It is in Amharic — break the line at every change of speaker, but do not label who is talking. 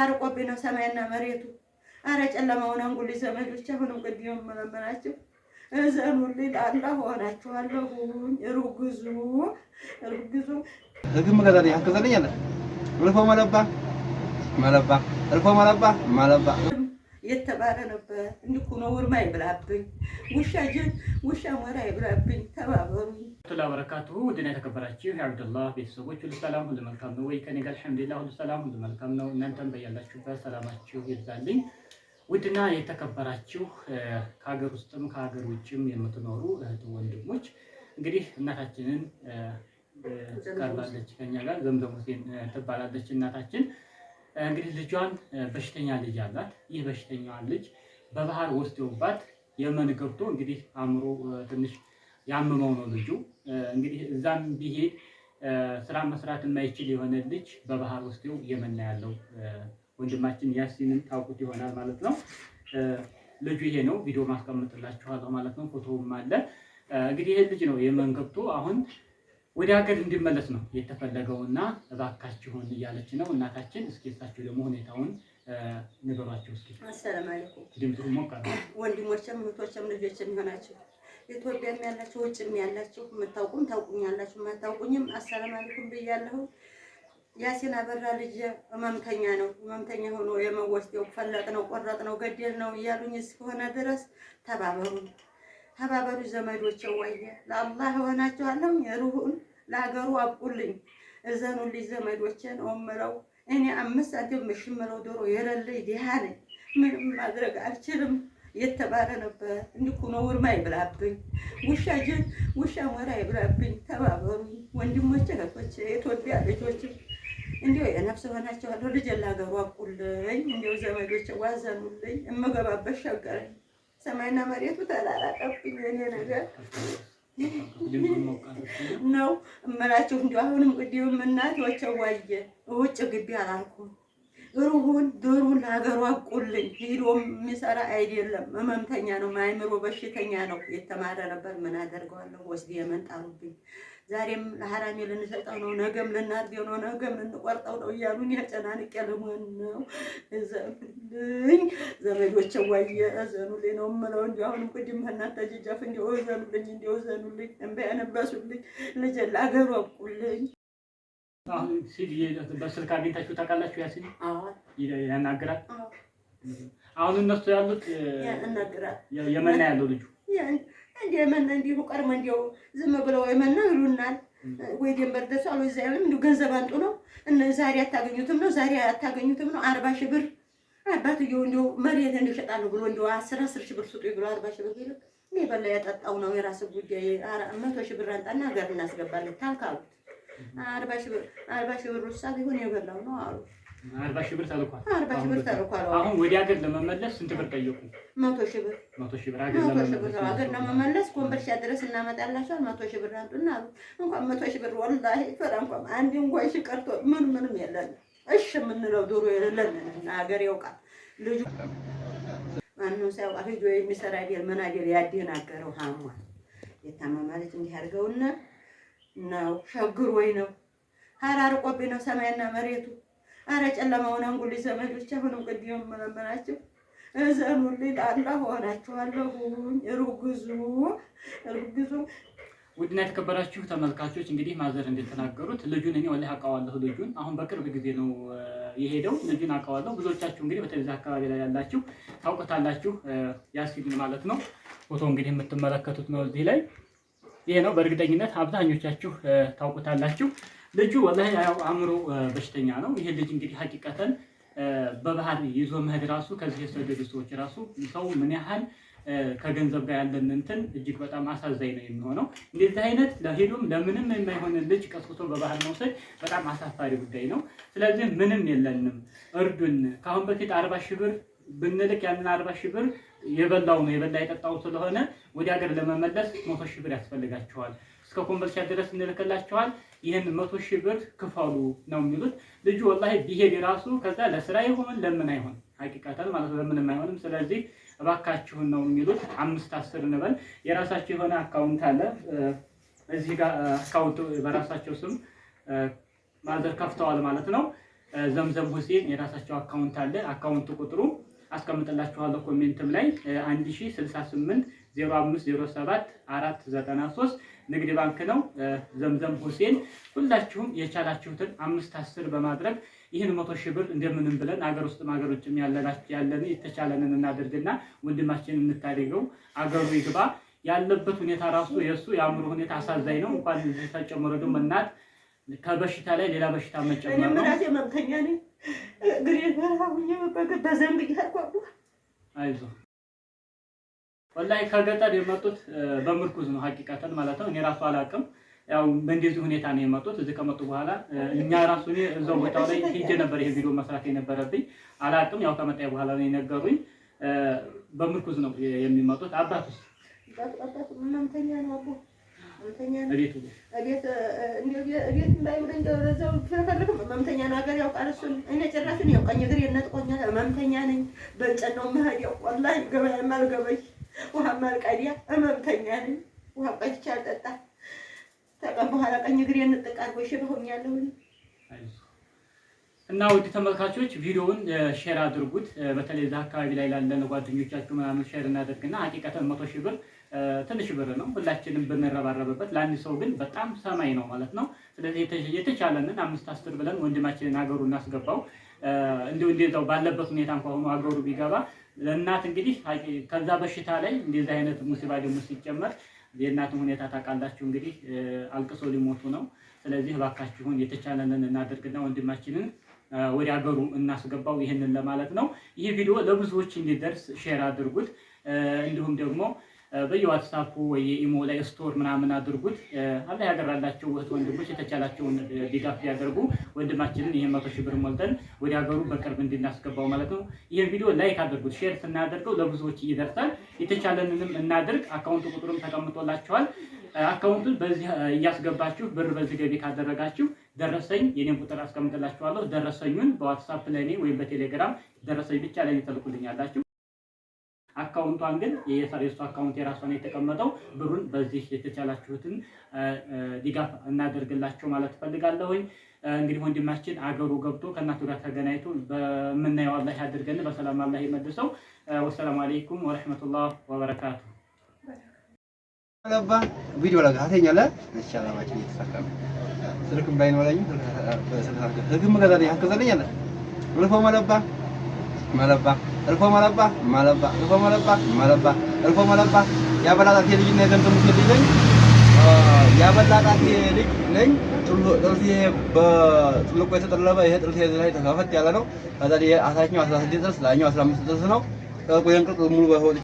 ተራርቆብኝ ነው ሰማይና መሬቱ። አረ ጨለማውን አንጉልኝ ዘመዶች፣ አሁንም ቅድም መለመናቸው እዘኑልኝ። ጣላ ሆናችኋለሁኝ። ርጉዙ ርጉዙ
እግም ገዛል ያህል ገዛልኛለ እልፎ መለባ መለባ እልፎ መለባ መለባ
የተባለ እንዲኩ ነው ውርማ ይብላብኝ ውሻ ጅን ውሻ ሞራ ይብላብኝ። ተባበሩ
ቱላ በረካቱ ውድና የተከበራችሁ የአብዱላ ቤተሰቦች ሁሉ ሰላም ሁሉ መልካም ነው ወይ? ከኔ ጋር አልሐምዱሊላህ ሁሉ ሰላም ሁሉ መልካም ነው። እናንተም በያላችሁበት ሰላማችሁ ይብዛልኝ። ውድና የተከበራችሁ ከሀገር ውስጥም ከሀገር ውጭም የምትኖሩ እህት ወንድሞች እንግዲህ እናታችንን ጋር ባለች ከኛ ጋር ዘምዘም ሁሴን ትባላለች እናታችን እንግዲህ ልጇን በሽተኛ ልጅ አላት። ይህ በሽተኛዋን ልጅ በባህር ይወባት የመን ገብቶ እንግዲህ አእምሮ ትንሽ ያምመው ነው ልጁ እንግዲህ እዛም ቢሄድ ስራ መስራት የማይችል የሆነ ልጅ በባህር ወስደው የመን ያለው ወንድማችን ያሲንን ታውቁት ይሆናል ማለት ነው። ልጁ ይሄ ነው። ቪዲዮ ማስቀምጥላችኋለሁ ማለት ነው። ፎቶውም አለ እንግዲህ ይሄ ልጅ ነው የመን ገብቶ አሁን ወደ ሀገር እንዲመለስ ነው የተፈለገውና እባካችሁን እያለች ነው እናታችን። እስኪ እሳችሁ ደግሞ ሁኔታውን ንገሯቸው እስኪ።
አሰላም አለይኩም ድምጽ ሞቃ ወንድሞቼም እህቶቼም ልጆች የሚሆናችሁ ኢትዮጵያም ያላችሁ ውጭም ያላችሁ የምታውቁም ታውቁኛላችሁ፣ የማታውቁኝም አሰላም አለይኩም ብያለሁ። ያሲን አበራ ልጅ ህመምተኛ ነው። ህመምተኛ ሆኖ የመወስደው ፈለጥ ነው፣ ቆረጥ ነው፣ ገደል ነው እያሉኝ እስከሆነ ድረስ ተባበሩ ተባበሩ ዘመዶቼ። ወየ ለአላህ ሆናችኋለሁ ሩሁን ለሀገሩ አብቁልኝ፣ እዘኑልኝ ዘመዶችን ኦምረው እኔ አምስት አደምሽ እምለው ዶሮ የሌለኝ ድሃ ነኝ፣ ምንም ማድረግ አልችልም የተባለ ነበር። እንዲኩ ነውርማ ይብላብኝ፣ ውሻ ጅን ውሻ ሞራ ይብላብኝ። ተባበሩ ወንድሞች እህቶቼ፣ የኢትዮጵያ ልጆች እንዲሁ የነፍስ ሆናቸዋለሁ። ልጅ ላገሩ አቁልኝ እንዲሁ ዘመዶች ዋዘኑልኝ፣ እምገባበት ሸገረኝ። ሰማይና መሬቱ ተላላቀብኝ የኔ ነገር ነው እምላችሁ። እንዲሁ አሁንም ቅድም እናት ወቸዋየ ውጭ ግቢ አላልኩም ሩሁን ድሩን ሀገሯ አቁልኝ ሂዶ የሚሰራ አይደለም። ህመምተኛ ነው፣ ማይምሮ በሽተኛ ነው። የተማረ ነበር። ምን አደርገዋለሁ? ወስድ የመን ዛሬም ለሀራሜ ልንሰጠው ነው፣ ነገም ልናርገው ነው፣ ነገም ልንቆርጠው ነው እያሉን ያጨናንቅ ልሆን ነው። እዘኑልኝ ዘመዶቼ፣ ዋየ እዘኑልኝ ነው የምለው። እንዲ አሁን ቅድም ከእናንተ ጅጃፍ እንዲ እዘኑልኝ፣ እንዲ እዘኑልኝ፣ እንባ ያነባሱልኝ ልጄን ለሀገሯ
አሁን ሲል በስልክ አግኝታችሁ ታውቃላችሁ? ያ ያናግራል። አሁን እነሱ ያሉት
ያናግራል።
የመና ያለው ልጁ
እንደ የመና እንዲሁ ቀርመ እንዲው ዝም ብለው የመና ይሉናል ወይ ደንበር ደርሷል ወይ እዚያ ያለም እንዲሁ ገንዘብ አንጡ ነው። ዛሬ አታገኙትም ነው ዛሬ አታገኙትም ነው። አርባ ሺህ ብር አባትየው እንዲሁ መሬት እንዲሁ ብሎ እንዲሁ አስር አስር ሺህ ብር ስጡኝ ብሎ አርባ ሺህ ብር ይሉ ይበላ ያጠጣው ነው የራስ ጉዳይ። መቶ ሺህ ብር አንጣና ሀገር እናስገባለን ታልካሉት አርባ ሺህ ብር አርባ ሺህ የበላው ነው አሉ።
አርባ ሺህ ብር ተልኳል።
አርባ ሺህ ብር ተልኳል።
አሁን ወደ ሀገር ለመመለስ ስንት ብር ጠየቁ? መቶ ሺህ ብር መቶ ሺህ ብር
ሀገር ለመመለስ ኮምበልሻ ድረስ እናመጣላቸዋል። መቶ ሺህ ብር አንጡና አሉ። እንኳን መቶ ሺህ ብር ወላሂ ፈራ እንኳን አንድ እንኳን ሺህ ቀርቶ ምን ምንም የለን። እሺ የምንለው ዶሮ የለን ሀገር ያውቃል ልጁ ማንም ሳያውቅ አሁን የሚሰራ አይደል ምን ያደናገረው ሀሟል የታመመ እንዲህ አድርገውና ነው ወይ ነው። ኧረ ነው ሰማይና መሬቱ። ኧረ ጨለማውን አንጉልኝ ዘመዶች፣ አሁንም ቅድም መለመናቸው እዘኑልኝ፣ ጣላ ሆናችኋለሁኝ። ርጉዙ ርጉዙ
ውድና የተከበራችሁ ተመልካቾች እንግዲህ ማዘር እንደተናገሩት ልጁን እኔ ወላሂ አውቀዋለሁ። ልጁን አሁን በቅርብ ጊዜ ነው የሄደው። ልጁን አውቀዋለሁ። ብዙዎቻችሁ እንግዲህ በተለይ አካባቢ ላይ ያላችሁ ታውቁታላችሁ፣ ያሲንን ማለት ነው። ፎቶ እንግዲህ የምትመለከቱት ነው እዚህ ላይ ይሄ ነው። በእርግጠኝነት አብዛኞቻችሁ ታውቁታላችሁ። ልጁ ወላሂ ያው አእምሮ በሽተኛ ነው። ይሄ ልጅ እንግዲህ ሀቂቀተን በባህል ይዞ መሄድ ራሱ ከዚህ የሰደዱ ሰዎች ራሱ ሰው ምን ያህል ከገንዘብ ጋር ያለን እንትን እጅግ በጣም አሳዛኝ ነው የሚሆነው። እንደዚህ አይነት ለሄዱም ለምንም የማይሆን ልጅ ቀስቶ በባህል መውሰድ በጣም አሳፋሪ ጉዳይ ነው። ስለዚህ ምንም የለንም፣ እርዱን። ከአሁን በፊት አርባ ሺህ ብር ብንልክ ያንን አርባ ሺህ ብር የበላው ነው የበላ የጠጣው ስለሆነ ወደ ሀገር ለመመለስ መቶ ሺህ ብር ያስፈልጋቸዋል። እስከ ኮምቦልቻ ድረስ እንልክላቸዋል። ይህን መቶ ሺህ ብር ክፈሉ ነው የሚሉት። ልጁ ወላሂ ቢሄድ ራሱ ከዛ ለስራ ይሆን ለምን አይሆን ሀቂቃተን ማለት ለምንም አይሆንም። ስለዚህ እባካችሁን ነው የሚሉት። አምስት አስር እንበል። የራሳቸው የሆነ አካውንት አለ እዚህ ጋር አካውንቱ በራሳቸው ስም ማዘር ከፍተዋል ማለት ነው። ዘምዘም ሁሴን የራሳቸው አካውንት አለ። አካውንቱ ቁጥሩ አስቀምጥላችኋለሁ ኮሜንትም ላይ 1068057493 ንግድ ባንክ ነው። ዘምዘም ሁሴን ሁላችሁም የቻላችሁትን አምስት አስር በማድረግ ይህን መቶ ሺህ ብር እንደምንም ብለን አገር ውስጥም አገር ውጭም ያለን የተቻለንን እናደርግና ወንድማችን እንታደገው አገሩ ይግባ። ያለበት ሁኔታ ራሱ የእሱ የአእምሮ ሁኔታ አሳዛኝ ነው። እንኳን ተጨምሮ እናት ከበሽታ ላይ ሌላ በሽታ መጨመር
ነው። እኔም ራሴ መምተኛ ነኝ። እግሬ ጋር አሁን የመበገድ በዘንብ እያልኳሉ።
አይዞህ ወላይ ከገጠር የመጡት በምርኩዝ ነው ሀቂቃተን ማለት ነው። እኔ ራሱ አላውቅም። ያው በእንደዚህ ሁኔታ ነው የመጡት። እዚህ ከመጡ በኋላ እኛ ራሱ እኔ እዛው ቦታው ላይ ሄጄ ነበር ይሄ ቪዲዮ መስራት የነበረብኝ አላውቅም። ያው ከመጣ በኋላ ነው የነገሩኝ። በምርኩዝ ነው የሚመጡት። አባት ውስጥ
መምተኛ ነው መምተኛ ሀገር ያውቃል። እሱን እኔ ጭራሽ ያውቃኝ እግር የነጥቆኛል። መምተኛ ነኝ። በእንጨት ነው መሄድ አልጠጣ ተቀም በኋላ ቀኝ እግር የነጠቅ አድርጎ
እና ውድ ተመልካቾች ቪዲዮውን ሼር አድርጉት። በተለይ እዛ አካባቢ ላይ ላለን ጓደኞቻችሁ ምናምን ሼር እናደርግና ሀቂቀተን መቶ ሺህ ብር ትንሽ ብር ነው፣ ሁላችንም ብንረባረብበት ለአንድ ሰው ግን በጣም ሰማይ ነው ማለት ነው። ስለዚህ የተቻለንን አምስት አስር ብለን ወንድማችንን አገሩ እናስገባው። እንዲሁ እንደዛው ባለበት ሁኔታ እንኳ ሆኖ አገሩ ቢገባ ለእናት እንግዲህ ከዛ በሽታ ላይ እንደዚህ አይነት ሙሲባ ደግሞ ሲጨመር የእናትን ሁኔታ ታውቃላችሁ። እንግዲህ አልቅሶ ሊሞቱ ነው። ስለዚህ እባካችሁን የተቻለንን እናደርግና ወንድማችንን ወደ ሀገሩ እናስገባው። ይህንን ለማለት ነው። ይህ ቪዲዮ ለብዙዎች እንዲደርስ ሼር አድርጉት። እንዲሁም ደግሞ በየዋትሳፑ ወይ የኢሞ ላይ ስቶር ምናምን አድርጉት። አላ ሀገር ላላቸው እህት ወንድሞች የተቻላቸውን ድጋፍ ያደርጉ ወንድማችንን ይህን መቶ ሺህ ብር ሞልተን ወደ ሀገሩ በቅርብ እንድናስገባው ማለት ነው። ይህን ቪዲዮ ላይክ አድርጉት። ሼር ስናደርገው ለብዙዎች ይደርሳል። የተቻለንንም እናድርግ። አካውንቱ ቁጥሩም ተቀምጦላችኋል። አካውንቱን በዚህ እያስገባችሁ ብር በዚህ ገቢ ካደረጋችሁ ደረሰኝ የኔን ቁጥር አስቀምጥላችኋለሁ። ደረሰኙን በዋትሳፕ ለእኔ ወይም በቴሌግራም ደረሰኝ ብቻ ለእኔ ተልኩልኛላችሁ። አካውንቷን ግን የሰሬሱ አካውንት የራሷን የተቀመጠው ብሩን በዚህ የተቻላችሁትን ድጋፍ እናደርግላቸው ማለት እፈልጋለሁኝ። እንግዲህ ወንድማችን አገሩ ገብቶ ከእናቱ ጋር ተገናኝቶ በምናየው አላህ ያድርገን፣ በሰላም አላህ ይመልሰው። ወሰላሙ አለይኩም ወረሕመቱላህ ወበረካቱ።
ለባ ቪዲዮ ላይ ተኛለ አላማችን እየተሳካ ነው። ስልክም ባይኖረኝ ስልክም ገዛልኝ አስገዛልኝ ልፎ መለባ መለባ እልፎ መለባ መለባ እልፎ መለባ መለባ እልፎ መለባ ያበላጣቴ ልጅና የገንዘብ ሙሴ ልጅ ነኝ። ያበላጣቴ ልጅ ነኝ። ጥርሴ በጥልቁ የተጠለበ ይሄ ጥርሴ ላይ ተከፈት ያለ ነው። ከዛ አታችኛው አስራ ስድስት ላይኛው 15 አምስት ነው። ነው። ሙሉ